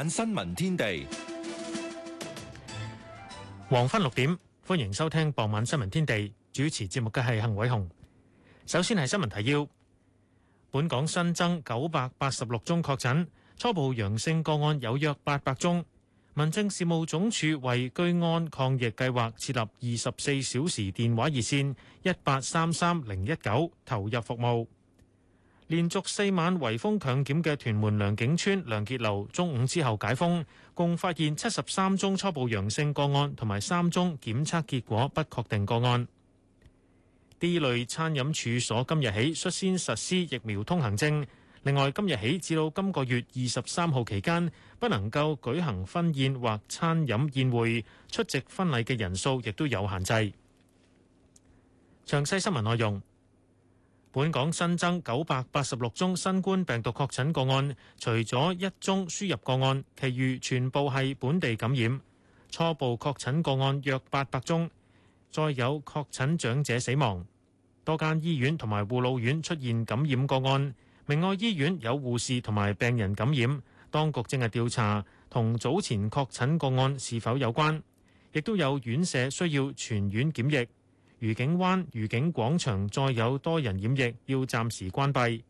晚新聞天地，黃昏六點，歡迎收聽傍晚新聞天地。主持節目嘅係幸偉雄。首先係新聞提要：本港新增九百八十六宗確診，初步陽性個案有約八百宗。民政事務總署為居安抗疫計劃設立二十四小時電話熱線一八三三零一九，投入服務。連續四晚圍封強檢嘅屯門良景邨良傑樓，中午之後解封，共發現七十三宗初步陽性個案，同埋三宗檢測結果不確定個案。D 類餐飲處所今日起率先實施疫苗通行證。另外，今日起至到今個月二十三號期間，不能夠舉行婚宴或餐飲宴會，出席婚禮嘅人數亦都有限制。詳細新聞內容。本港新增九百八十六宗新冠病毒確診個案，除咗一宗輸入個案，其餘全部係本地感染。初步確診個案約八百宗，再有確診長者死亡。多間醫院同埋護老院出現感染個案，明愛醫院有護士同埋病人感染，當局正係調查同早前確診個案是否有關，亦都有院舍需要全院檢疫。愉景灣、愉景廣場再有多人染疫，要暫時關閉。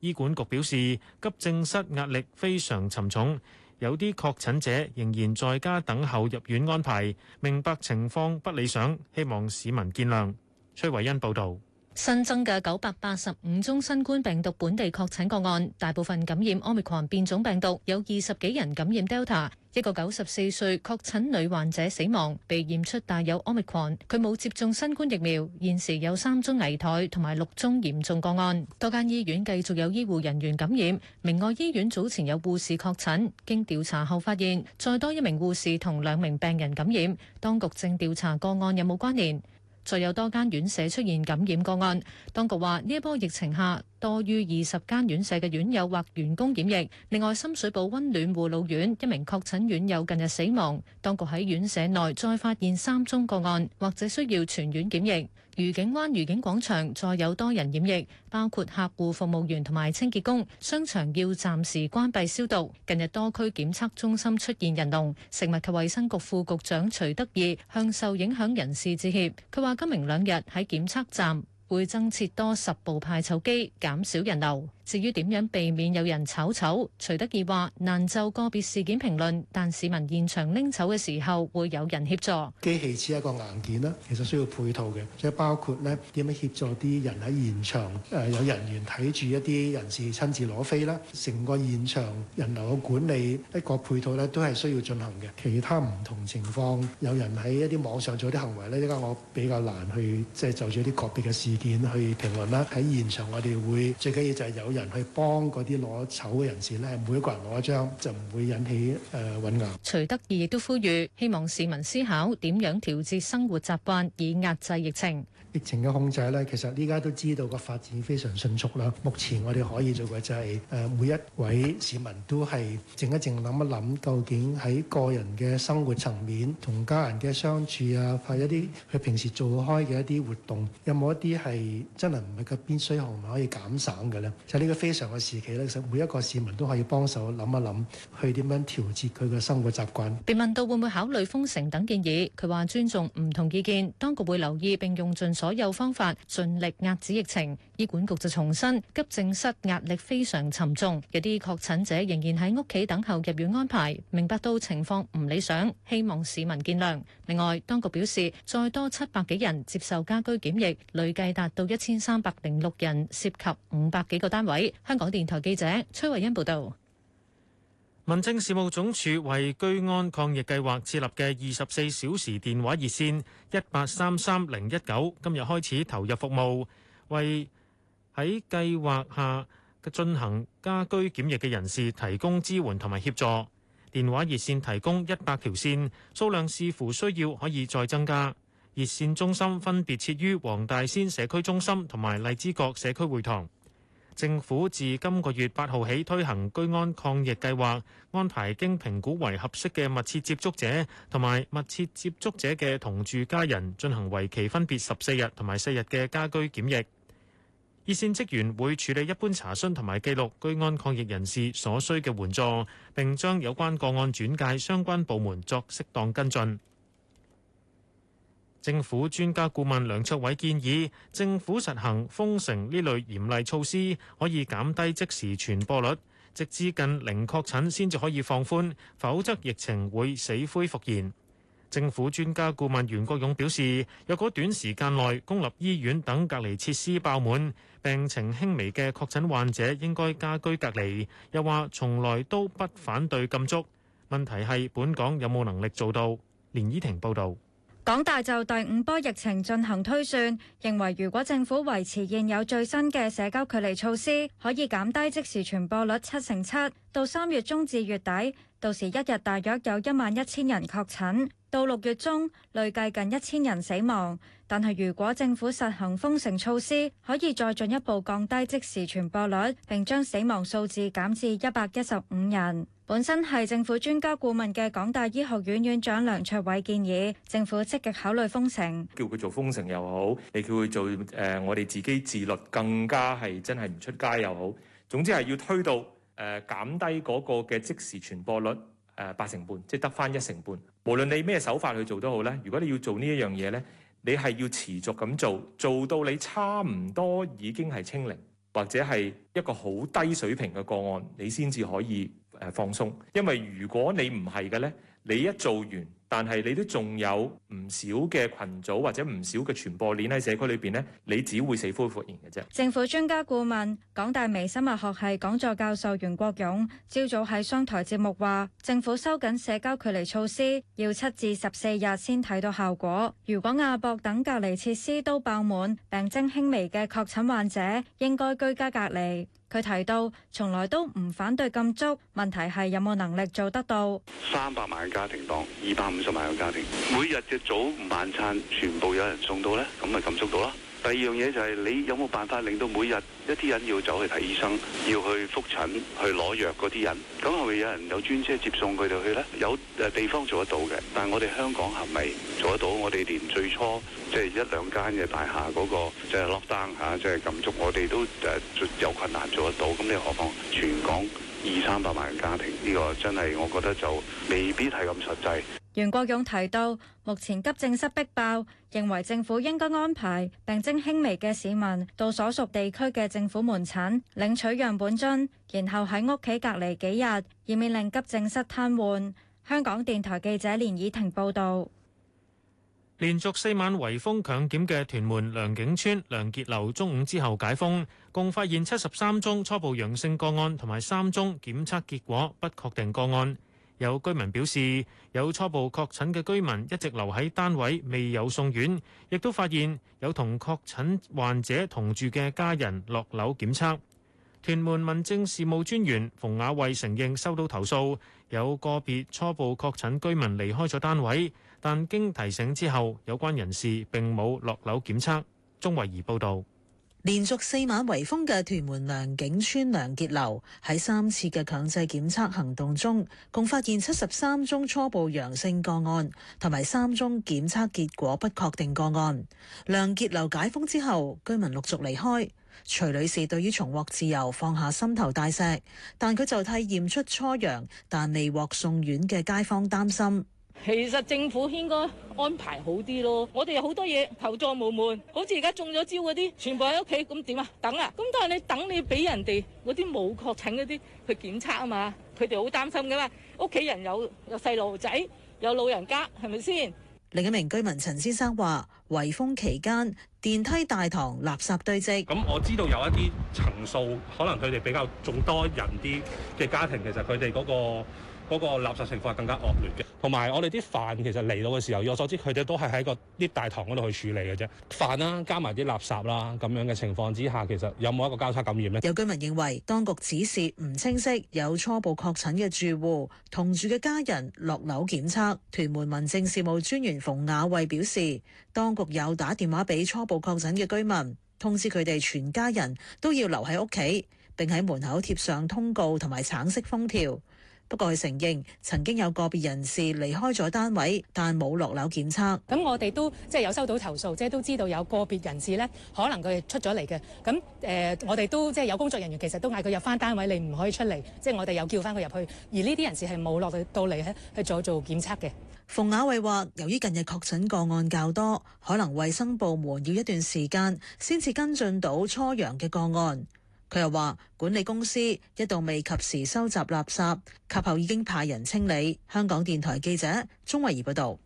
醫管局表示，急症室壓力非常沉重，有啲確診者仍然在家等候入院安排，明白情況不理想，希望市民見諒。崔維恩報導。新增嘅九百八十五宗新冠病毒本地確診個案，大部分感染 Omicron 變種病毒，有二十幾人感染 Delta。一個九十四歲確診女患者死亡，被驗出帶有 Omicron，佢冇接種新冠疫苗。現時有三宗危殆同埋六宗嚴重個案，多間醫院繼續有醫護人員感染。明愛醫院早前有護士確診，經調查後發現再多一名護士同兩名病人感染，當局正調查個案有冇關聯。再有多間院舍出現感染個案，當局話呢一波疫情下多於二十間院舍嘅院友或員工染疫。另外，深水埗溫暖護老院一名確診院友近日死亡，當局喺院舍內再發現三宗個案，或者需要全院檢疫。愉景灣愉景廣場再有多人染疫，包括客戶、服務員同埋清潔工。商場要暫時關閉消毒。近日多區檢測中心出現人龍，食物及衛生局副局長徐德義向受影響人士致歉。佢話：今明兩日喺檢測站會增設多十部派籌機，減少人流。至於點樣避免有人炒飛，醜，徐德義話難就個別事件評論，但市民現場拎飛嘅時候會有人協助。機器只係一個硬件啦，其實需要配套嘅，即係包括咧點樣協助啲人喺現場誒、呃、有人員睇住一啲人士親自攞飛啦，成個現場人流嘅管理一個配套咧都係需要進行嘅。其他唔同情況有人喺一啲網上做啲行為咧，依家我比較難去即係就住、是、一啲個別嘅事件去評論啦。喺現場我哋會最緊要就係有。人去幫嗰啲攞籌嘅人士咧，每一個人攞一張就唔會引起誒混淆。徐德義亦都呼籲，希望市民思考點樣調節生活習慣，以壓制疫情。疫情嘅控制咧，其實依家都知道個發展非常迅速啦。目前我哋可以做嘅就係誒每一位市民都係靜一靜、諗一諗，究竟喺個人嘅生活層面同家人嘅相處啊，或一啲佢平時做開嘅一啲活動，有冇一啲係真係唔係個必需項目可以減省嘅咧？就係。呢個非常嘅時期咧，其實每一個市民都可以幫手諗一諗，去點樣調節佢嘅生活習慣。被問到會唔會考慮封城等建議，佢話尊重唔同意見，當局會留意並用盡所有方法盡力遏止疫情。醫管局就重申，急症室壓力非常沉重，有啲確診者仍然喺屋企等候入院安排。明白到情況唔理想，希望市民見諒。另外，當局表示再多七百幾人接受家居檢疫，累計達到一千三百零六人，涉及五百幾個單位。香港電台記者崔慧欣報道，民政事務總署為居安抗疫計劃設立嘅二十四小時電話熱線一八三三零一九，今日開始投入服務，為喺計劃下嘅進行家居檢疫嘅人士提供支援同埋協助。電話熱線提供一百條線，數量視乎需要，可以再增加。熱線中心分別設於黃大仙社區中心同埋荔枝角社區會堂。政府自今個月八號起推行居安抗疫計劃，安排經評估為合適嘅密切接觸者同埋密切接觸者嘅同住家人進行為期分別十四日同埋四日嘅家居檢疫。熱線職員會處理一般查詢同埋記錄居安抗疫人士所需嘅援助，並將有關個案轉介相關部門作適當跟進。政府專家顧問梁卓偉建議，政府實行封城呢類嚴厲措施，可以減低即時傳播率，直至近零確診先至可以放寬，否則疫情會死灰復燃。政府專家顧問袁國勇表示，若果短時間內公立醫院等隔離設施爆滿，病情輕微嘅確診患者應該家居隔離。又話從來都不反對禁足，問題係本港有冇能力做到？連依婷報導。港大就第五波疫情進行推算，認為如果政府維持現有最新嘅社交距離措施，可以減低即時傳播率七成七，到三月中至月底，到時一日大約有一萬一千人確診，到六月中累計近一千人死亡。但係如果政府實行封城措施，可以再進一步降低即時傳播率，並將死亡數字減至一百一十五人。本身係政府專家顧問嘅港大醫學院院長梁卓偉建議政府積極考慮封城，叫佢做封城又好，你叫佢做誒、呃、我哋自己自律更加係真係唔出街又好。總之係要推到誒、呃、減低嗰個嘅即時傳播率誒、呃、八成半，即係得返一成半。無論你咩手法去做都好咧，如果你要做呢一樣嘢咧，你係要持續咁做做到你差唔多已經係清零或者係一個好低水平嘅個案，你先至可以，誒放鬆，因為如果你唔係嘅咧，你一做完，但係你都仲有唔少嘅群組或者唔少嘅傳播鏈喺社區裏邊咧，你只會死灰復燃嘅啫。政府專家顧問、港大微生物學系講座教授袁國勇朝早喺商台節目話：政府收緊社交距離措施，要七至十四日先睇到效果。如果亞博等隔離設施都爆滿，病徵輕微嘅確診患者應該居家隔離。佢提到，從來都唔反對禁足，問題係有冇能力做得到。三百萬個家庭當二百五十萬個家庭，每日嘅早午晚餐全部有人送到咧，咁咪禁足到啦。第二樣嘢就係你有冇辦法令到每日一啲人要走去睇醫生、要去覆診、去攞藥嗰啲人，咁係咪有人有專車接送佢哋去咧？有地方做得到嘅，但係我哋香港係咪做得到？我哋連最初即係、就是、一兩間嘅大廈嗰、那個即係 lock down 嚇，即係禁足，我哋都有困難做得到，咁你何況全港二三百萬家庭呢，這個真係我覺得就未必係咁實際。袁國勇提到，目前急症室逼爆，認為政府應該安排病徵輕微嘅市民到所屬地區嘅政府門診領取樣本樽，然後喺屋企隔離幾日，以免令急症室癱瘓。香港電台記者連以婷報道。連續四晚圍封強檢嘅屯門良景邨良傑樓，中午之後解封，共發現七十三宗初步陽性個案，同埋三宗檢測結果不確定個案。有居民表示，有初步確診嘅居民一直留喺單位，未有送院，亦都發現有同確診患者同住嘅家人落樓檢測。屯門民政事務專員馮雅慧承認收到投訴，有個別初步確診居民離開咗單位，但經提醒之後，有關人士並冇落樓檢測。鍾慧儀報道。連續四晚圍封嘅屯門良景村良傑樓喺三次嘅強制檢測行動中，共發現七十三宗初步陽性個案，同埋三宗檢測結果不確定個案。良傑樓解封之後，居民陸續離開。徐女士對於重獲自由，放下心頭大石，但佢就替驗出初陽但未獲送院嘅街坊擔心。其實政府應該安排好啲咯，我哋有好多嘢求助無門，好似而家中咗招嗰啲，全部喺屋企咁點啊？等啊！咁但係你等你俾人哋嗰啲冇確診嗰啲去檢測啊嘛，佢哋好擔心噶嘛，屋企人有有細路仔，有老人家，係咪先？另一名居民陳先生話，圍封期間，電梯大堂垃圾堆積。咁我知道有一啲層數，可能佢哋比較仲多人啲嘅家庭，其實佢哋嗰個。嗰個垃圾情況係更加惡劣嘅，同埋我哋啲飯其實嚟到嘅時候，我所知佢哋都係喺個啲大堂嗰度去處理嘅啫。飯啦、啊，加埋啲垃圾啦、啊，咁樣嘅情況之下，其實有冇一個交叉感染呢？有居民認為當局指示唔清晰，有初步確診嘅住戶同住嘅家人落樓檢測。屯門民政事務專員馮雅慧表示，當局有打電話俾初步確診嘅居民，通知佢哋全家人都要留喺屋企，並喺門口貼上通告同埋橙色封條。不過，佢承認曾經有個別人士離開咗單位，但冇落樓檢測。咁我哋都即係有收到投訴，即係都知道有個別人士咧，可能佢出咗嚟嘅。咁誒、呃，我哋都即係有工作人員，其實都嗌佢入翻單位，你唔可以出嚟。即係我哋有叫翻佢入去。而呢啲人士係冇落到嚟，喺去做做檢測嘅。馮雅慧話：由於近日確診個案較多，可能衛生部門要一段時間先至跟進到初陽嘅個案。佢又話：管理公司一度未及時收集垃圾，及後已經派人清理。香港電台記者鍾慧儀報道。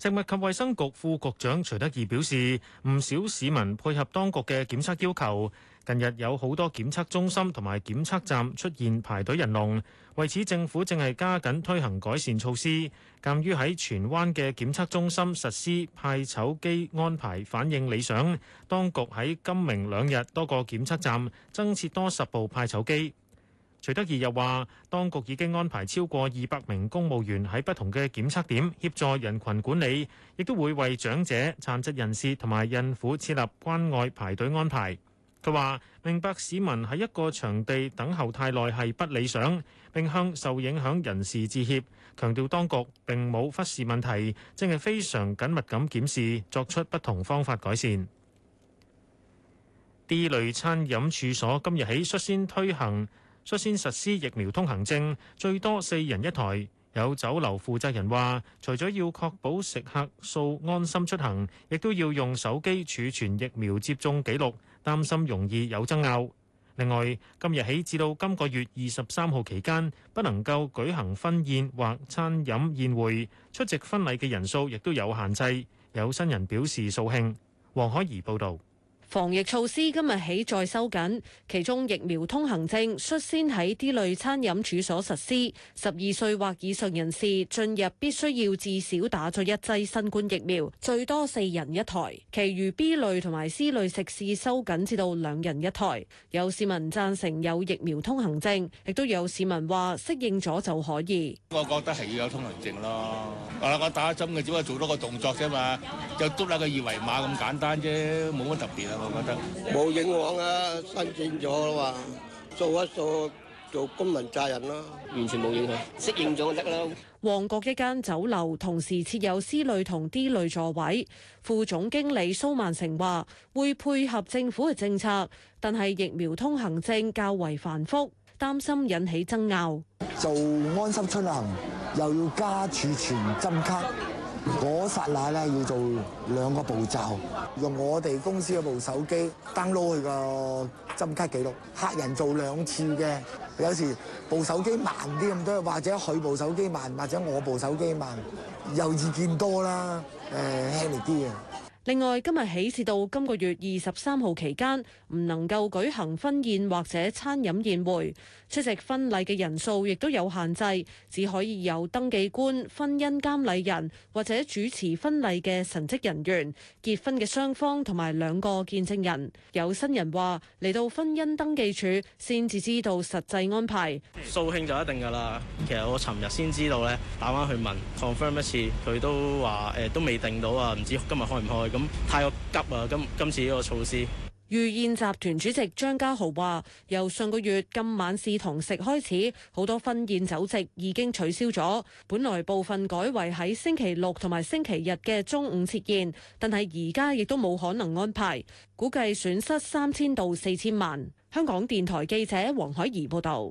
食物及衛生局副局長徐德義表示，唔少市民配合當局嘅檢測要求。近日有好多檢測中心同埋檢測站出現排隊人龍，為此政府正係加緊推行改善措施。鑑於喺荃灣嘅檢測中心實施派籌機安排反應理想，當局喺今明兩日多個檢測站增設多十部派籌機。徐德義又話，當局已經安排超過二百名公務員喺不同嘅檢測點協助人群管理，亦都會為長者、殘疾人士同埋孕婦設立關愛排隊安排。佢話：明白市民喺一個場地等候太耐係不理想，並向受影響人士致歉，強調當局並冇忽視問題，正係非常緊密咁檢視，作出不同方法改善。D 類餐飲處所今日起率先推行、率先實施疫苗通行證，最多四人一台。有酒樓負責人話，除咗要確保食客掃安心出行，亦都要用手機儲存疫苗接種記錄，擔心容易有爭拗。另外，今日起至到今個月二十三號期間，不能夠舉行婚宴或餐飲宴會，出席婚禮嘅人數亦都有限制。有新人表示掃興。黃海怡報導。防疫措施今日起再收緊，其中疫苗通行證率先喺 D 類餐飲處所實施。十二歲或以上人士進入必須要至少打咗一劑新冠疫苗，最多四人一台。其餘 B 類同埋 C 類食肆收緊至到兩人一台。有市民贊成有疫苗通行證，亦都有市民話適應咗就可以。我覺得係要有通行證咯，啊，我打針嘅，只不過做多個動作啫嘛，就篤下個二維碼咁簡單啫，冇乜特別啊。冇影響啊！新建咗啊嘛，做一做做公民責任咯，完全冇影響。適應咗就得啦。旺角一間酒樓同時設有 C 類同 D 類座位，副總經理蘇萬成話：會配合政府嘅政策，但係疫苗通行證較為繁複，擔心引起爭拗。做安心出行又要加儲存針卡。我實乃咧要做兩個步驟，用我哋公司嗰部手機 download 佢個針卡記錄，客人做兩次嘅，有時部手機慢啲咁多，或者佢部手機慢，或者我部手機慢，又意見多啦，誒，輕力啲啊？另外，今日起至到今個月二十三號期間，唔能夠舉行婚宴或者餐飲宴會出席婚禮嘅人數亦都有限制，只可以有登記官、婚姻監禮人或者主持婚禮嘅神職人員結婚嘅雙方同埋兩個見證人。有新人話嚟到婚姻登記處先至知道實際安排。掃興就一定噶啦。其實我尋日先知道咧，打返去問 confirm 一次，佢都話誒、呃、都未定到啊，唔知今日開唔開。咁太急啊！今今次呢個措施，御宴集團主席張家豪話：由上個月今晚試同食開始，好多婚宴酒席已經取消咗。本來部分改為喺星期六同埋星期日嘅中午設宴，但係而家亦都冇可能安排，估計損失三千到四千萬。香港電台記者黃海怡報導。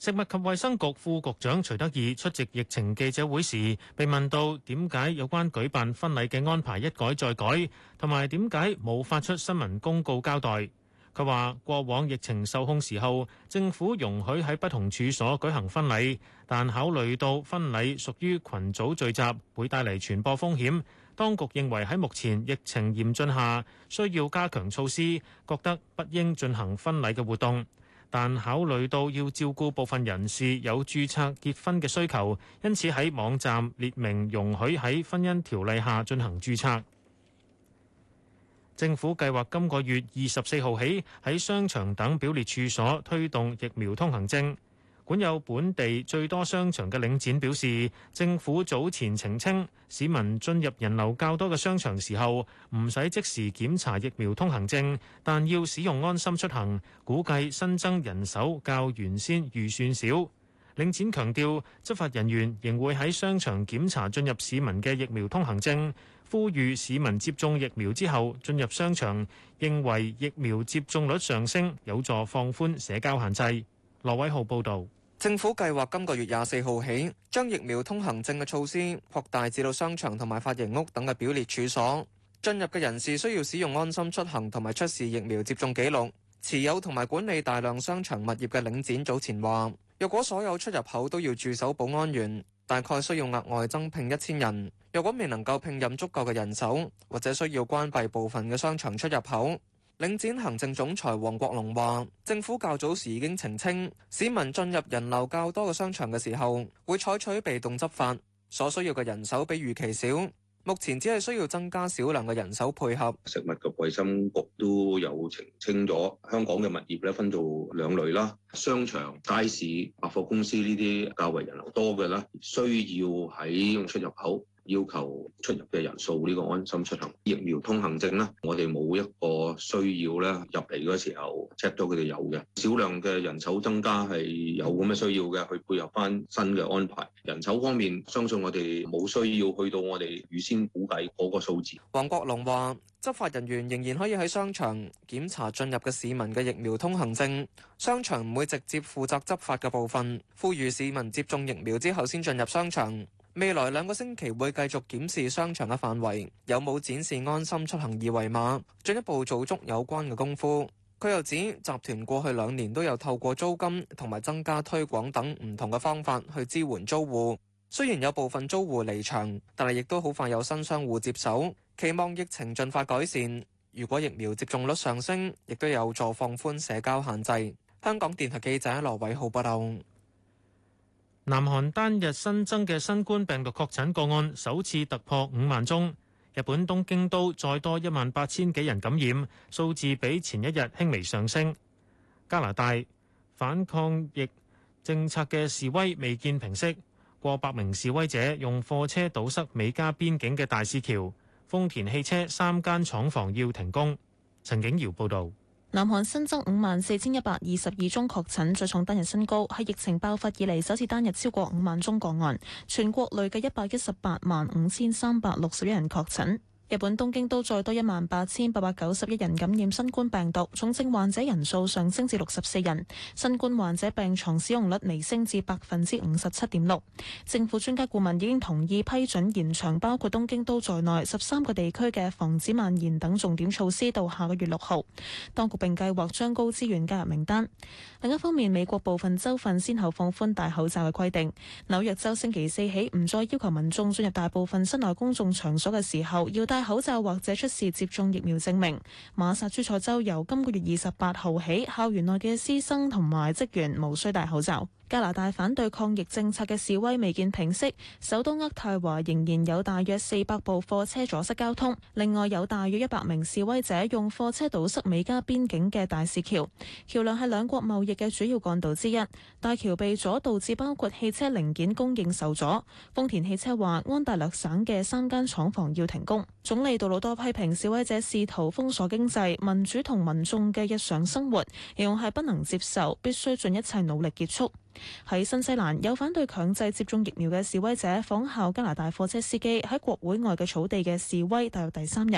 食物及衛生局副局長徐德義出席疫情記者會時，被問到點解有關舉辦婚禮嘅安排一改再改，同埋點解冇發出新聞公告交代。佢話：過往疫情受控時候，政府容許喺不同處所舉行婚禮，但考慮到婚禮屬於群組聚集，會帶嚟傳播風險，當局認為喺目前疫情嚴峻下，需要加強措施，覺得不應進行婚禮嘅活動。但考慮到要照顧部分人士有註冊結婚嘅需求，因此喺網站列明容許喺婚姻條例下進行註冊。政府計劃今個月二十四號起喺商場等表列處所推動疫苗通行證。管有本地最多商場嘅領展表示，政府早前澄清，市民進入人流較多嘅商場時候，唔使即時檢查疫苗通行證，但要使用安心出行。估計新增人手較原先預算少。領展強調，執法人員仍會喺商場檢查進入市民嘅疫苗通行證，呼籲市民接種疫苗之後進入商場。認為疫苗接種率上升有助放寬社交限制。羅偉浩報道。政府計劃今個月廿四號起，將疫苗通行證嘅措施擴大至到商場同埋髮型屋等嘅表列處所。進入嘅人士需要使用安心出行同埋出示疫苗接種記錄。持有同埋管理大量商場物業嘅領展早前話，若果所有出入口都要駐守保安員，大概需要額外增聘一千人。若果未能夠聘任足夠嘅人手，或者需要關閉部分嘅商場出入口。領展行政總裁王國龍話，政府較早時已經澄清，市民進入人流較多嘅商場嘅時候，會採取被動執法，所需要嘅人手比預期少。目前只係需要增加少量嘅人手配合。食物及衛生局都有澄清咗，香港嘅物業咧分做兩類啦，商場、街市、百貨公司呢啲較為人流多嘅，啦需要喺出入口。要求出入嘅人數呢個安心出行疫苗通行證啦，我哋冇一個需要咧入嚟嗰時候，check 到佢哋有嘅少量嘅人手增加係有咁嘅需要嘅，去配合翻新嘅安排人手方面，相信我哋冇需要去到我哋預先估計嗰個數字。王國龍話執法人員仍然可以喺商場檢查進入嘅市民嘅疫苗通行證，商場唔會直接負責執法嘅部分，呼籲市民接種疫苗之後先進入商場。未來兩個星期會繼續檢視商場嘅範圍，有冇展示安心出行二維碼，進一步做足有關嘅功夫。佢又指集團過去兩年都有透過租金同埋增加推廣等唔同嘅方法去支援租戶。雖然有部分租戶離場，但係亦都好快有新商戶接手。期望疫情盡快改善。如果疫苗接種率上升，亦都有助放寬社交限制。香港電台記者羅偉浩報道。南韓單日新增嘅新冠病毒確診個案首次突破五萬宗。日本東京都再多一萬八千幾人感染，數字比前一日輕微上升。加拿大反抗疫政策嘅示威未見平息，過百名示威者用貨車堵塞美加邊境嘅大使橋。豐田汽車三間廠房要停工。陳景瑤報道。南韓新增五萬四千一百二十二宗確診，再創單日新高，係疫情爆發以嚟首次單日超過五萬宗個案。全國累計一百一十八萬五千三百六十一人確診。日本東京都再多一萬八千八百九十一人感染新冠病毒，重症患者人數上升至六十四人，新冠患者病床使用率微升至百分之五十七點六。政府專家顧問已經同意批准延長包括東京都在內十三個地區嘅防止蔓延等重點措施到下個月六號。當局並計劃將高資源加入名單。另一方面，美國部分州份先後放寬戴口罩嘅規定。紐約州星期四起唔再要求民眾進入大部分室內公眾場所嘅時候要戴。戴口罩或者出示接種疫苗證明。馬薩諸塞州由今個月二十八號起，校園內嘅師生同埋職員無需戴口罩。加拿大反對抗疫政策嘅示威未見平息，首都渥太華仍然有大約四百部貨車阻塞交通。另外有大約一百名示威者用貨車堵塞美加邊境嘅大使橋，橋梁係兩國貿易嘅主要幹道之一。大橋被阻導致包括汽車零件供應受阻。豐田汽車話安大略省嘅三間廠房要停工。總理杜魯多批評示威者試圖封鎖經濟、民主同民眾嘅日常生活，形容係不能接受，必須盡一切努力結束。喺新西蘭有反對強制接種疫苗嘅示威者仿效加拿大貨車司機喺國會外嘅草地嘅示威，踏入第三日。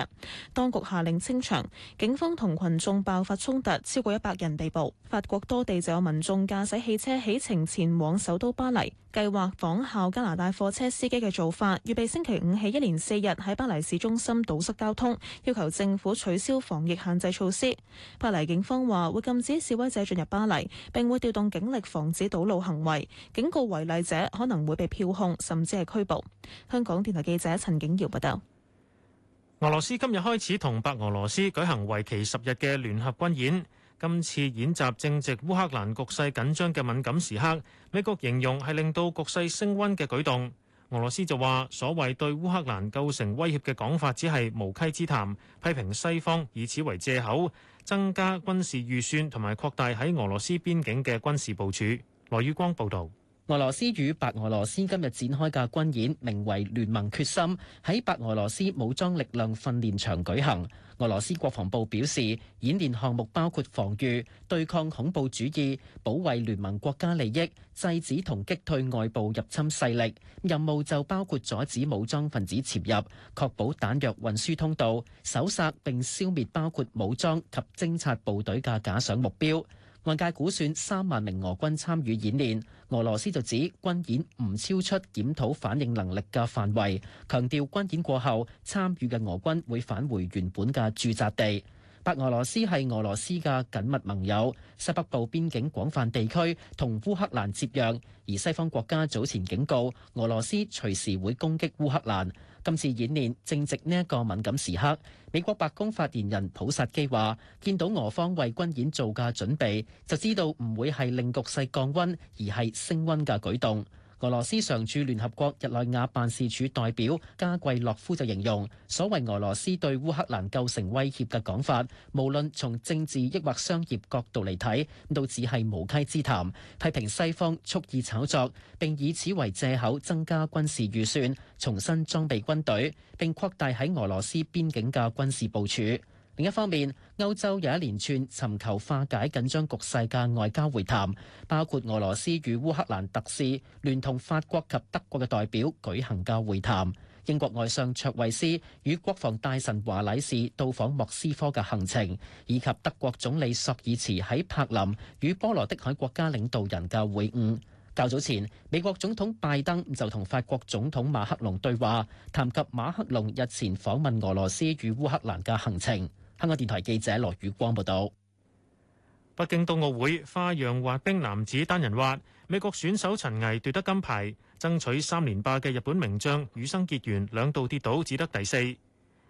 當局下令清場，警方同群眾爆發衝突，超過一百人被捕。法國多地就有民眾駕駛汽車起程前往首都巴黎，計劃仿效加拿大貨車司機嘅做法，預備星期五起一連四日喺巴黎市中心堵塞交通，要求政府取消防疫限制措施。巴黎警方話會禁止示威者進入巴黎，並會調動警力防止堵塞。路行為警告違例者可能會被票控，甚至係拘捕。香港電台記者陳景瑤報道。俄羅斯今日開始同白俄羅斯舉行為期十日嘅聯合軍演。今次演習正值烏克蘭局勢緊張嘅敏感時刻，美國形容係令到局勢升温嘅舉動。俄羅斯就話所謂對烏克蘭構成威脅嘅講法只係無稽之談，批評西方以此為借口增加軍事預算同埋擴大喺俄羅斯邊境嘅軍事部署。羅宇光報道：俄羅斯與白俄羅斯今日展開嘅軍演，名為“聯盟決心”，喺白俄羅斯武裝力量訓練場舉行。俄羅斯國防部表示，演練項目包括防禦、對抗恐怖主義、保衛聯盟國家利益、制止同擊退外部入侵勢力。任務就包括阻止武裝分子潛入，確保彈藥運輸通道，搜殺並消滅包括武裝及偵察部隊嘅假想目標。外界估算三萬名俄軍參與演練，俄羅斯就指軍演唔超出檢討反應能力嘅範圍，強調軍演過後參與嘅俄軍會返回原本嘅駐紮地。白俄羅斯係俄羅斯嘅緊密盟友，西北部邊境廣泛地區同烏克蘭接壤，而西方國家早前警告俄羅斯隨時會攻擊烏克蘭。今次演練正值呢一個敏感時刻，美國白宮發言人普薩基話：「見到俄方為軍演做嘅準備，就知道唔會係令局勢降温，而係升温嘅舉動。」俄羅斯常駐聯合國日內瓦辦事處代表加季洛夫就形容所謂俄羅斯對烏克蘭構成威脅嘅講法，無論從政治抑或商業角度嚟睇，都只係無稽之談。批評西方蓄意炒作，並以此為藉口增加軍事預算，重新裝備軍隊，並擴大喺俄羅斯邊境嘅軍事部署。另一方面，歐洲有一連串尋求化解緊張局勢嘅外交會談，包括俄羅斯與烏克蘭特使聯同法國及德國嘅代表舉行嘅會談；英國外相卓慧斯與國防大臣華禮士到訪莫斯科嘅行程，以及德國總理索爾茨喺柏林與波羅的海國家領導人嘅會晤。較早前，美國總統拜登就同法國總統馬克龍對話，談及馬克龍日前訪問俄羅斯與烏克蘭嘅行程。香港電台記者羅宇光報道：北京冬奧會花樣滑冰男子單人滑，美國選手陳巍奪得金牌，爭取三連霸嘅日本名將羽生結弦兩度跌倒，只得第四。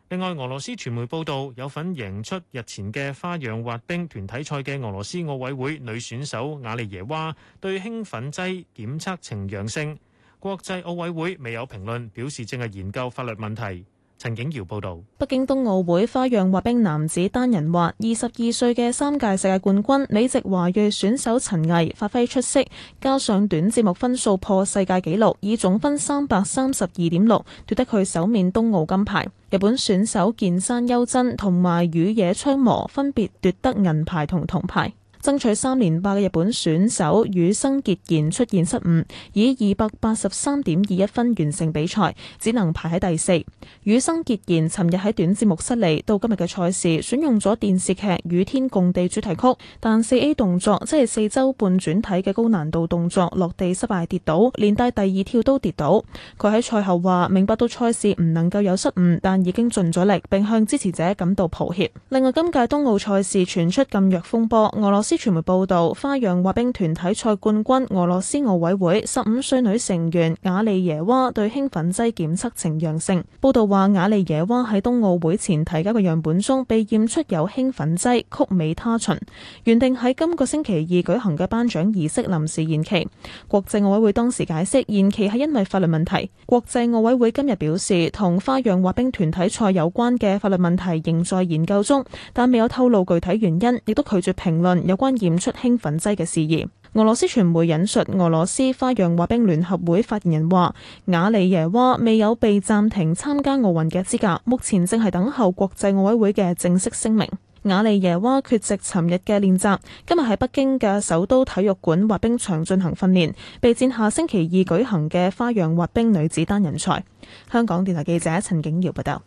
另外，俄羅斯傳媒報道有份贏出日前嘅花樣滑冰團體賽嘅俄羅斯奧委會女選手瓦利耶娃對興奮劑檢測呈陽性，國際奧委會未有評論，表示正係研究法律問題。陳景瑤報道：北京冬奧會花樣滑冰男子單人滑，二十二歲嘅三屆世界冠軍、美籍華裔選手陳巍發揮出色，加上短節目分數破世界紀錄，以總分三百三十二點六奪得佢首面冬奧金牌。日本選手鍵山優真同埋宇野昌磨分別奪得銀牌同銅牌。爭取三連霸嘅日本選手羽生結弦出現失誤，以二百八十三點二一分完成比賽，只能排喺第四。羽生結弦尋日喺短節目失利，到今日嘅賽事選用咗電視劇《與天共地》主題曲，但四 A 動作即係四周半轉體嘅高難度動作落地失敗跌倒，連帶第二跳都跌倒。佢喺賽後話明白到賽事唔能夠有失誤，但已經盡咗力，並向支持者感到抱歉。另外，今屆冬奧賽事傳出禁藥風波，俄羅斯之傳媒報道，花樣滑冰團體賽冠軍俄羅斯奧委會十五歲女成員瓦利耶娃對興奮劑檢測呈陽性。報道話，瓦利耶娃喺冬奧會前提交嘅樣本中被驗出有興奮劑曲美他嗪。原定喺今個星期二舉行嘅頒獎儀式臨時延期。國際奧委會當時解釋，延期係因為法律問題。國際奧委會今日表示，同花樣滑冰團體賽有關嘅法律問題仍在研究中，但未有透露具體原因，亦都拒絕評論有。關驗出興奮劑嘅事宜。俄羅斯傳媒引述俄羅斯花樣滑冰聯合會發言人話，瓦里耶娃未有被暫停參加奧運嘅資格，目前正係等候國際奧委會嘅正式聲明。瓦里耶娃缺席尋日嘅練習，今日喺北京嘅首都體育館滑冰場進行訓練，備戰下星期二舉行嘅花樣滑冰女子單人賽。香港電台記者陳景瑤報道。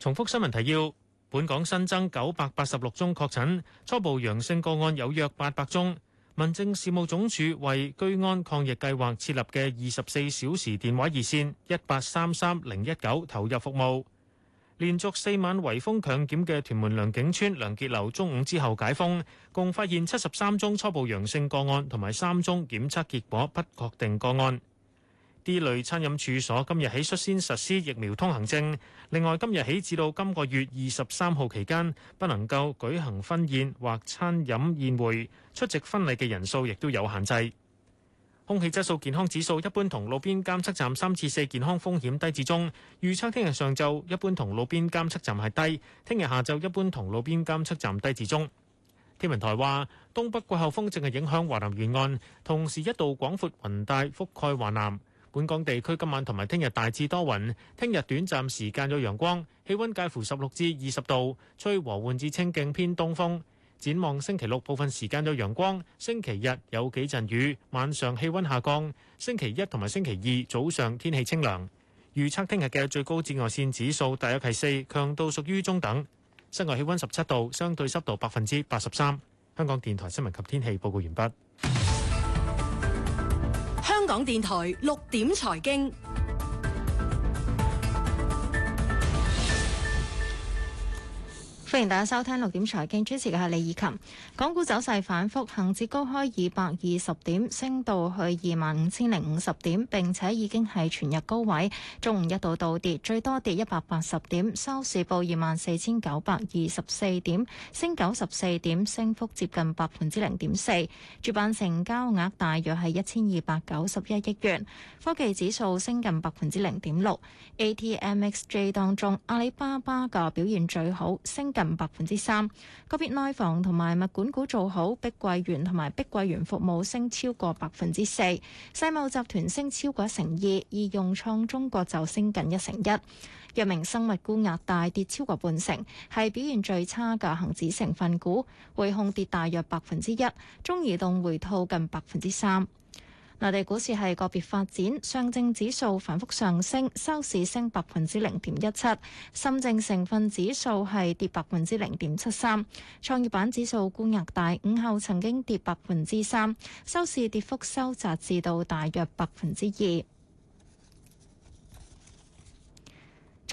重複新聞提要。本港新增九百八十六宗確診，初步陽性個案有約八百宗。民政事務總署為居安抗疫計劃設立嘅二十四小時電話熱線一八三三零一九投入服務。連續四晚圍封強檢嘅屯門良景邨良傑樓中午之後解封，共發現七十三宗初步陽性個案，同埋三宗檢測結果不確定個案。啲類餐飲處所今日起率先實施疫苗通行證。另外，今日起至到今個月二十三號期間，不能夠舉行婚宴或餐飲宴會。出席婚禮嘅人數亦都有限制。空氣質素健康指數一般同路邊監測站三至四，健康風險低至中。預測聽日上晝一般同路邊監測站係低，聽日下晝一般同路邊監測站低至中。天文台話，東北季候風正係影響華南沿岸，同時一度廣闊雲帶覆蓋華南。本港地區今晚同埋聽日大致多雲，聽日短暫時間有陽光，氣温介乎十六至二十度，吹和緩至清勁偏東風，展望星期六部分時間有陽光，星期日有幾陣雨，晚上氣温下降。星期一同埋星期二早上天氣清涼，預測聽日嘅最高紫外線指數大約係四，強度屬於中等。室外氣温十七度，相對濕度百分之八十三。香港電台新聞及天氣報告完畢。港電台六點財經。歡迎大家收聽六點財經，主持嘅係李以琴。港股走勢反覆，行至高開二百二十點，升到去二萬五千零五十點，並且已經係全日高位。中午一度倒跌，最多跌一百八十點，收市報二萬四千九百二十四點，升九十四點，升幅接近百分之零點四。主板成交額大約係一千二百九十一億元，科技指數升近百分之零點六。ATMXJ 當中，阿里巴巴嘅表現最好，升近百分之三，個別內房同埋物管股做好，碧桂園同埋碧桂園服務升超過百分之四，世茂集團升超過一成二，而融創中國就升近一成一。藥明生物股額大跌超過半成，係表現最差嘅恒指成分股，匯控跌大約百分之一，中移動回吐近百分之三。內地股市係個別發展，上證指數反覆上升，收市升百分之零點一七；深證成分指數係跌百分之零點七三，創業板指數沽壓大，午後曾經跌百分之三，收市跌幅收窄至到大約百分之二。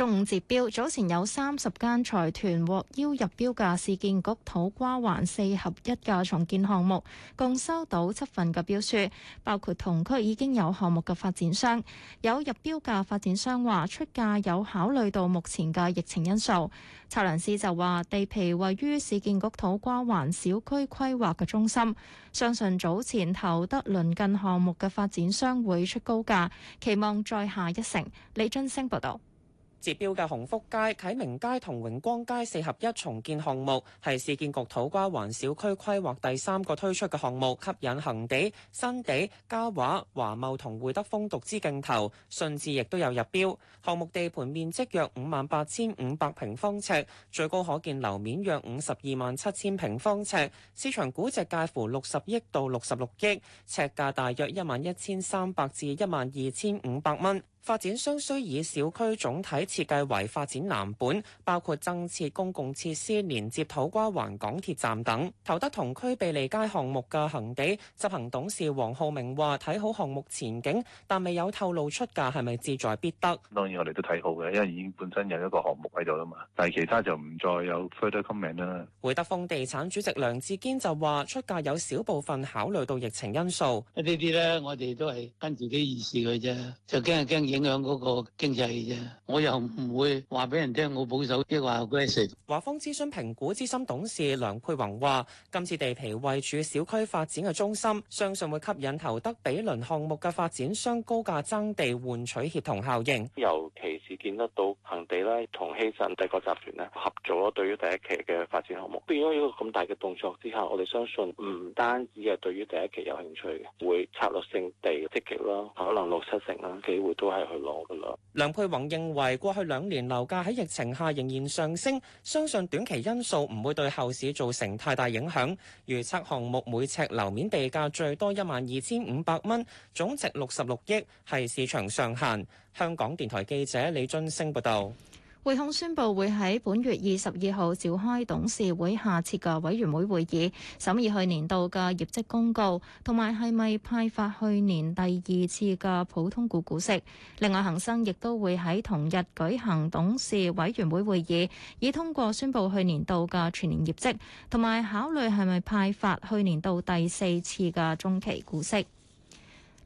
中午截標，早前有三十間財團獲邀入標嘅市建局土瓜灣四合一嘅重建項目，共收到七份嘅標書，包括同區已經有項目嘅發展商。有入標價發展商話，出價有考慮到目前嘅疫情因素。測量師就話，地皮位於市建局土瓜灣小區規劃嘅中心，相信早前投得鄰近項目嘅發展商會出高價，期望再下一城。李津升報道。截標嘅鴻福街、啟明街同榮光街四合一重建項目係市建局土瓜灣小區規劃第三個推出嘅項目，吸引恒地、新地、嘉華、華懋同會德豐獨資競投，信置亦都有入標。項目地盤面積約五萬八千五百平方尺，最高可建樓面約五十二萬七千平方尺，市場估值介乎六十億到六十六億，尺價大約一萬一千三百至一萬二千五百蚊。發展商需以小區總體設計為發展藍本，包括增設公共設施、連接土瓜灣港鐵站等。投得同區庇利街項目嘅行地執行董事黃浩明話：睇好項目前景，但未有透露出價係咪志在必得。當然我哋都睇好嘅，因為已經本身有一個項目喺度啦嘛。但係其他就唔再有 further comment 啦。會德豐地產主席梁志堅就話：出價有小部分考慮到疫情因素。呢啲呢，我哋都係跟自己意思佢啫，就驚就影響嗰個經濟啫，我又唔會話俾人聽我保守話，即係話嗰啲事。華方諮詢評估資深董事梁佩宏話：今次地皮位處小區發展嘅中心，相信會吸引投得比鄰項目嘅發展商高價爭地，換取協同效應。尤其是見得到恒地啦同希慎帝國集團咧合作咯，對於第一期嘅發展項目，變咗一個咁大嘅動作之下，我哋相信唔單止係對於第一期有興趣嘅，會策略性地積極咯，可能六七成啦，機會都係。去梁佩宏認為過去兩年樓價喺疫情下仍然上升，相信短期因素唔會對後市造成太大影響。預測項目每尺樓面地價最多一萬二千五百蚊，總值六十六億，係市場上限。香港電台記者李俊升報道。匯控宣布會喺本月二十二號召開董事會下設嘅委員會會議，審議去年度嘅業績公告，同埋係咪派發去年第二次嘅普通股股息。另外，恒生亦都會喺同日舉行董事委員會會議，以通過宣布去年度嘅全年業績，同埋考慮係咪派發去年度第四次嘅中期股息。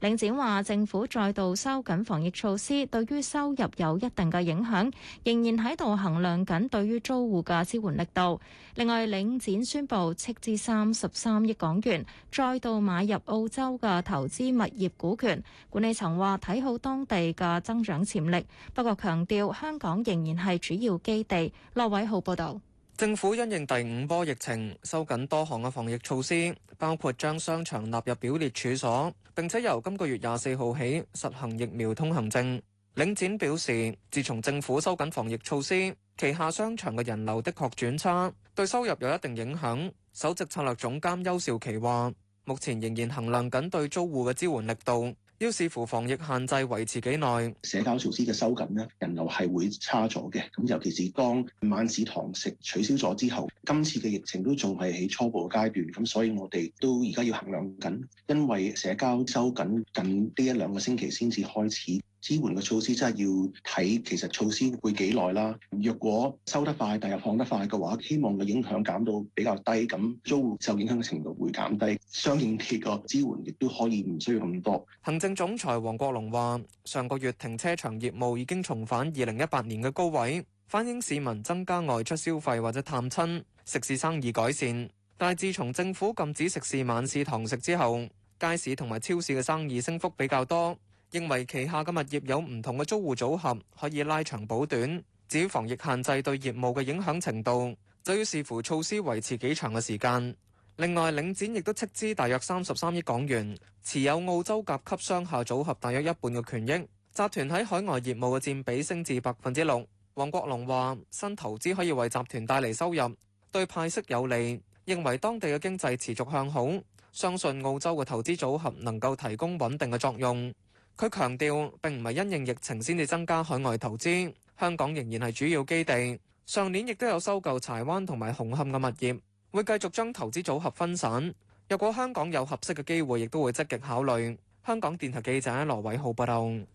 領展話政府再度收緊防疫措施，對於收入有一定嘅影響，仍然喺度衡量緊對於租戶嘅支援力度。另外，領展宣布斥資三十三億港元再度買入澳洲嘅投資物業股權。管理層話睇好當地嘅增長潛力，不過強調香港仍然係主要基地。羅偉浩報道。政府因應第五波疫情，收緊多項嘅防疫措施，包括將商場納入表列處所，並且由今個月廿四號起實行疫苗通行證。領展表示，自從政府收緊防疫措施，旗下商場嘅人流的確轉差，對收入有一定影響。首席策略總監邱兆琪話，目前仍然衡量緊對租戶嘅支援力度。要視乎防疫限制維持幾耐，社交措施嘅收緊咧，人流係會差咗嘅。咁尤其是當晚市堂食取消咗之後，今次嘅疫情都仲係喺初步階段。咁所以我哋都而家要衡量緊，因為社交收緊近呢一兩個星期先至開始。支援嘅措施真係要睇，其實措施會幾耐啦。若果收得快，但係放得快嘅話，希望嘅影響減到比較低，咁租戶受影響嘅程度會減低，相應嘅支援亦都可以唔需要咁多。行政總裁黃國龍話，上個月停車場業務已經重返二零一八年嘅高位，反映市民增加外出消費或者探親，食肆生意改善。但係自從政府禁止食肆晚市堂食之後，街市同埋超市嘅生意升幅比較多。認為旗下嘅物業有唔同嘅租戶組合，可以拉長補短。至於防疫限制對業務嘅影響程度，就要視乎措施維持幾長嘅時間。另外，領展亦都斥資大約三十三億港元持有澳洲甲級商廈組合，大約一半嘅權益。集團喺海外業務嘅佔比升至百分之六。王國龍話：新投資可以為集團帶嚟收入，對派息有利。認為當地嘅經濟持續向好，相信澳洲嘅投資組合能夠提供穩定嘅作用。佢強調並唔係因應疫情先至增加海外投資，香港仍然係主要基地。上年亦都有收購柴灣同埋紅磡嘅物業，會繼續將投資組合分散。若果香港有合適嘅機會，亦都會積極考慮。香港電台記者羅偉浩報道。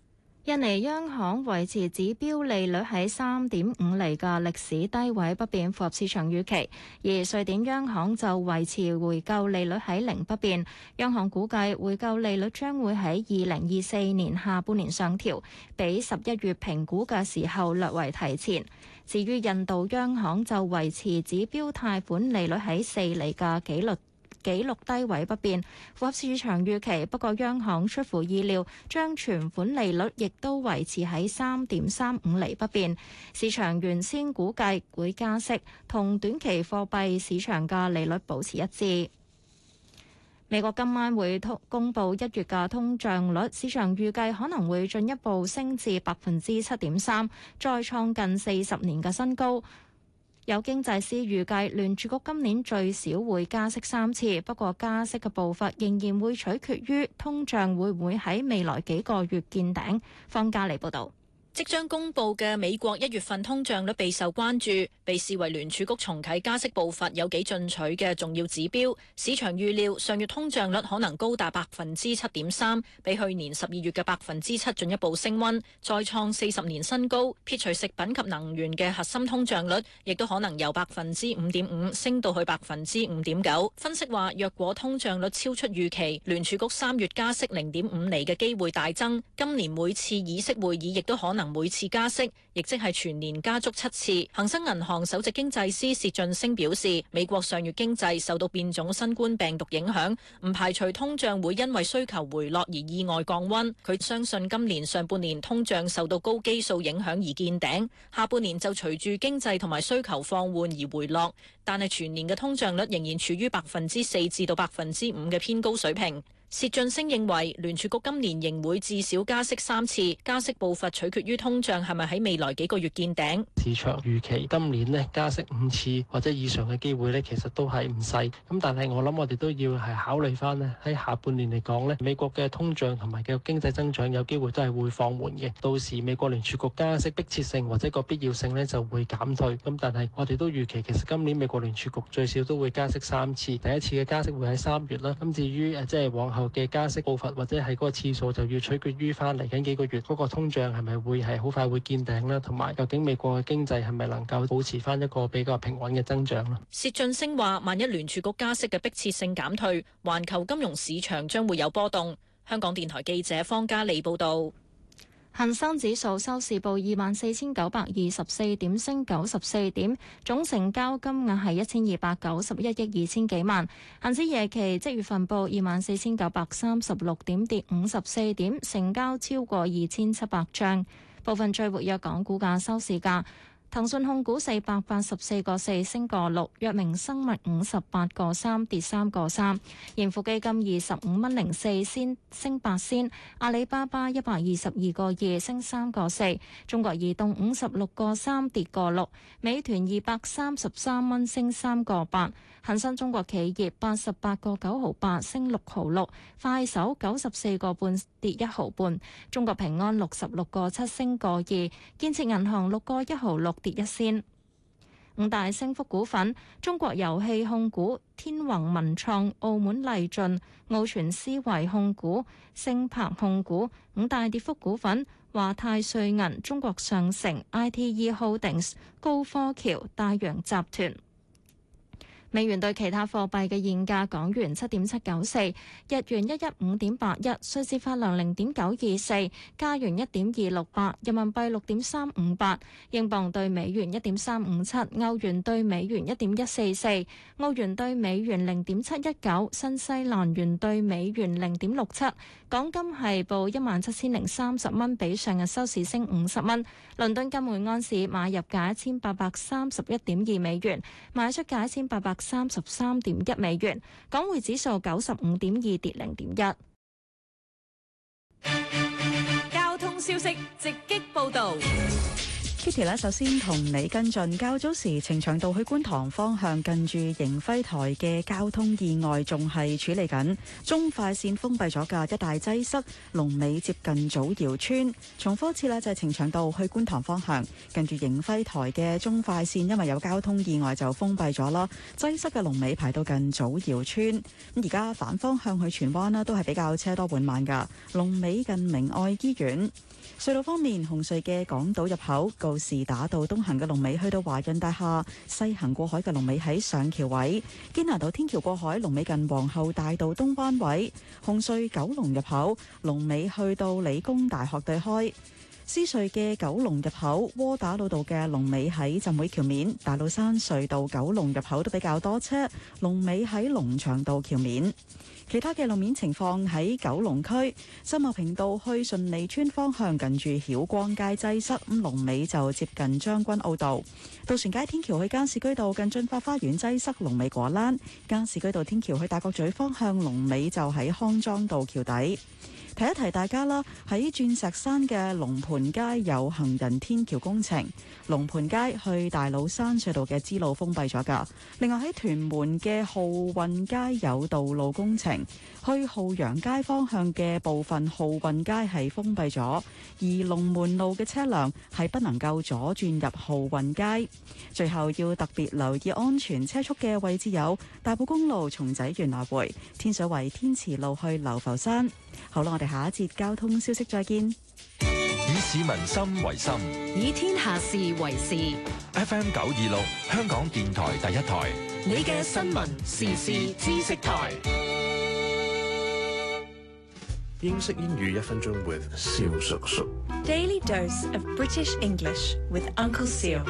印尼央行維持指標利率喺三點五厘嘅歷史低位不變，符合市場預期。而瑞典央行就維持回購利率喺零不變，央行估計回購利率將會喺二零二四年下半年上調，比十一月評估嘅時候略為提前。至於印度央行就維持指標貸款利率喺四厘嘅紀錄紀錄低位不變，符合市場預期。不過央行出乎意料，將存款利率亦都維持喺三點三五厘不變。市場原先估計會加息，同短期貨幣市場嘅利率保持一致。美國今晚會通公佈一月嘅通脹率，市場預計可能會進一步升至百分之七點三，再創近四十年嘅新高。有經濟師預計聯儲局今年最少會加息三次，不過加息嘅步伐仍然會取決於通脹會唔會喺未來幾個月見頂。方家麗報導。即將公布嘅美國一月份通脹率備受關注，被視為聯儲局重啟加息步伐有幾進取嘅重要指標。市場預料上月通脹率可能高達百分之七點三，比去年十二月嘅百分之七進一步升溫，再創四十年新高。撇除食品及能源嘅核心通脹率，亦都可能由百分之五點五升到去百分之五點九。分析話，若果通脹率超出預期，聯儲局三月加息零點五厘嘅機會大增，今年每次議息會議亦都可能能每次加息，亦即係全年加足七次。恒生銀行首席經濟師薛俊升表示，美國上月經濟受到變種新冠病毒影響，唔排除通脹會因為需求回落而意外降溫。佢相信今年上半年通脹受到高基數影響而見頂，下半年就隨住經濟同埋需求放緩而回落，但係全年嘅通脹率仍然處於百分之四至到百分之五嘅偏高水平。薛俊升認為聯儲局今年仍會至少加息三次，加息步伐取決於通脹係咪喺未來幾個月見頂。市場預期今年咧加息五次或者以上嘅機會咧，其實都係唔細。咁但係我諗我哋都要係考慮翻咧喺下半年嚟講咧，美國嘅通脹同埋嘅經濟增長有機會都係會放緩嘅。到時美國聯儲局加息迫切性或者個必要性咧就會減退。咁但係我哋都預期其實今年美國聯儲局最少都會加息三次，第一次嘅加息會喺三月啦。咁至於誒即係往後。嘅加息步伐或者係嗰個次數就要取決於翻嚟緊幾個月嗰個通脹係咪會係好快會見頂啦，同埋究竟美國嘅經濟係咪能夠保持翻一個比較平穩嘅增長啦？薛俊升話萬一聯儲局加息嘅迫切性減退，環球金融市場將會有波動，香港電台記者方嘉莉報道。恒生指數收市報二萬四千九百二十四點，升九十四點，總成交金額係一千二百九十一億二千幾萬。恒指夜期即月份報二萬四千九百三十六點，跌五十四點，成交超過二千七百張。部分最活躍港股價收市價。騰訊控股四百八十四個四升個六，藥明生物五十八個三跌三個三，盈富基金二十五蚊零四仙升八仙，阿里巴巴一百二十二個二升三個四，中國移動五十六個三跌個六，美團二百三十三蚊升三個八，恒生中國企業八十八個九毫八升六毫六，快手九十四個半跌一毫半，中國平安六十六個七升個二，建設銀行六個一毫六。跌一仙，五大升幅股份：中國遊戲控股、天宏文創、澳門勵駿、奧傳思維控股、星柏控股；五大跌幅股份：華泰瑞銀、中國上城、ITE Holdings、高科橋、大洋集團。美元對其他貨幣嘅現價：港元七點七九四，日元一一五點八一，瑞士法郎零點九二四，加元一點二六八，人民幣六點三五八，英鎊對美元一點三五七，歐元對美元一點一四四，澳元對美元零點七一九，新西蘭元對美元零點六七。港金係報一萬七千零三十蚊，比上日收市升五十蚊。倫敦金每盎司買入價一千八百三十一點二美元，賣出價一千八百三十三點一美元，港匯指數九十五點二跌零點一。交通消息直擊報道。Kitty 咧，首先同你跟進，較早時呈祥道去觀塘方向，近住盈輝台嘅交通意外仲係處理緊，中快線封閉咗噶一大擠塞，龍尾接近祖堯村。重複一次咧，就係呈祥道去觀塘方向，近住盈輝台嘅中快線，因為有交通意外就封閉咗啦，擠塞嘅龍尾排到近祖堯村。咁而家反方向去荃灣啦，都係比較車多緩慢噶，龍尾近明愛醫院。隧道方面，紅隧嘅港島入口告士打道東行嘅龍尾去到華潤大廈，西行過海嘅龍尾喺上橋位；堅拿道天橋過海龍尾近皇后大道東彎位。紅隧九龍入口龍尾去到理工大學對開。獅隧嘅九龍入口窩打老道嘅龍尾喺浸會橋面，大老山隧道九龍入口都比較多車，龍尾喺龍翔道橋面。其他嘅路面情況，喺九龍區秀茂坪道去順利村方向，近住曉光街擠塞，咁龍尾就接近將軍澳道；渡船街天橋去加士居道，近俊發花園擠塞，龍尾果欄；加士居道天橋去大角咀方向，龍尾就喺康莊道橋底。提一提大家啦，喺鑽石山嘅龍盤街有行人天橋工程，龍盤街去大老山隧道嘅支路封閉咗噶。另外喺屯門嘅浩運街有道路工程，去浩洋街方向嘅部分浩運街係封閉咗，而龍門路嘅車輛係不能夠左轉入浩運街。最後要特別留意安全車速嘅位置有大埔公路松仔園來回、天水圍天慈路去流浮山。好啦，我哋。下一節交通消息，再見。以市民心為心，以天下事為事。FM 九二六，香港電台第一台，你嘅新聞時事知識台。英式英語一分鐘，With 蕭叔叔。Daily dose of British English with Uncle Siu。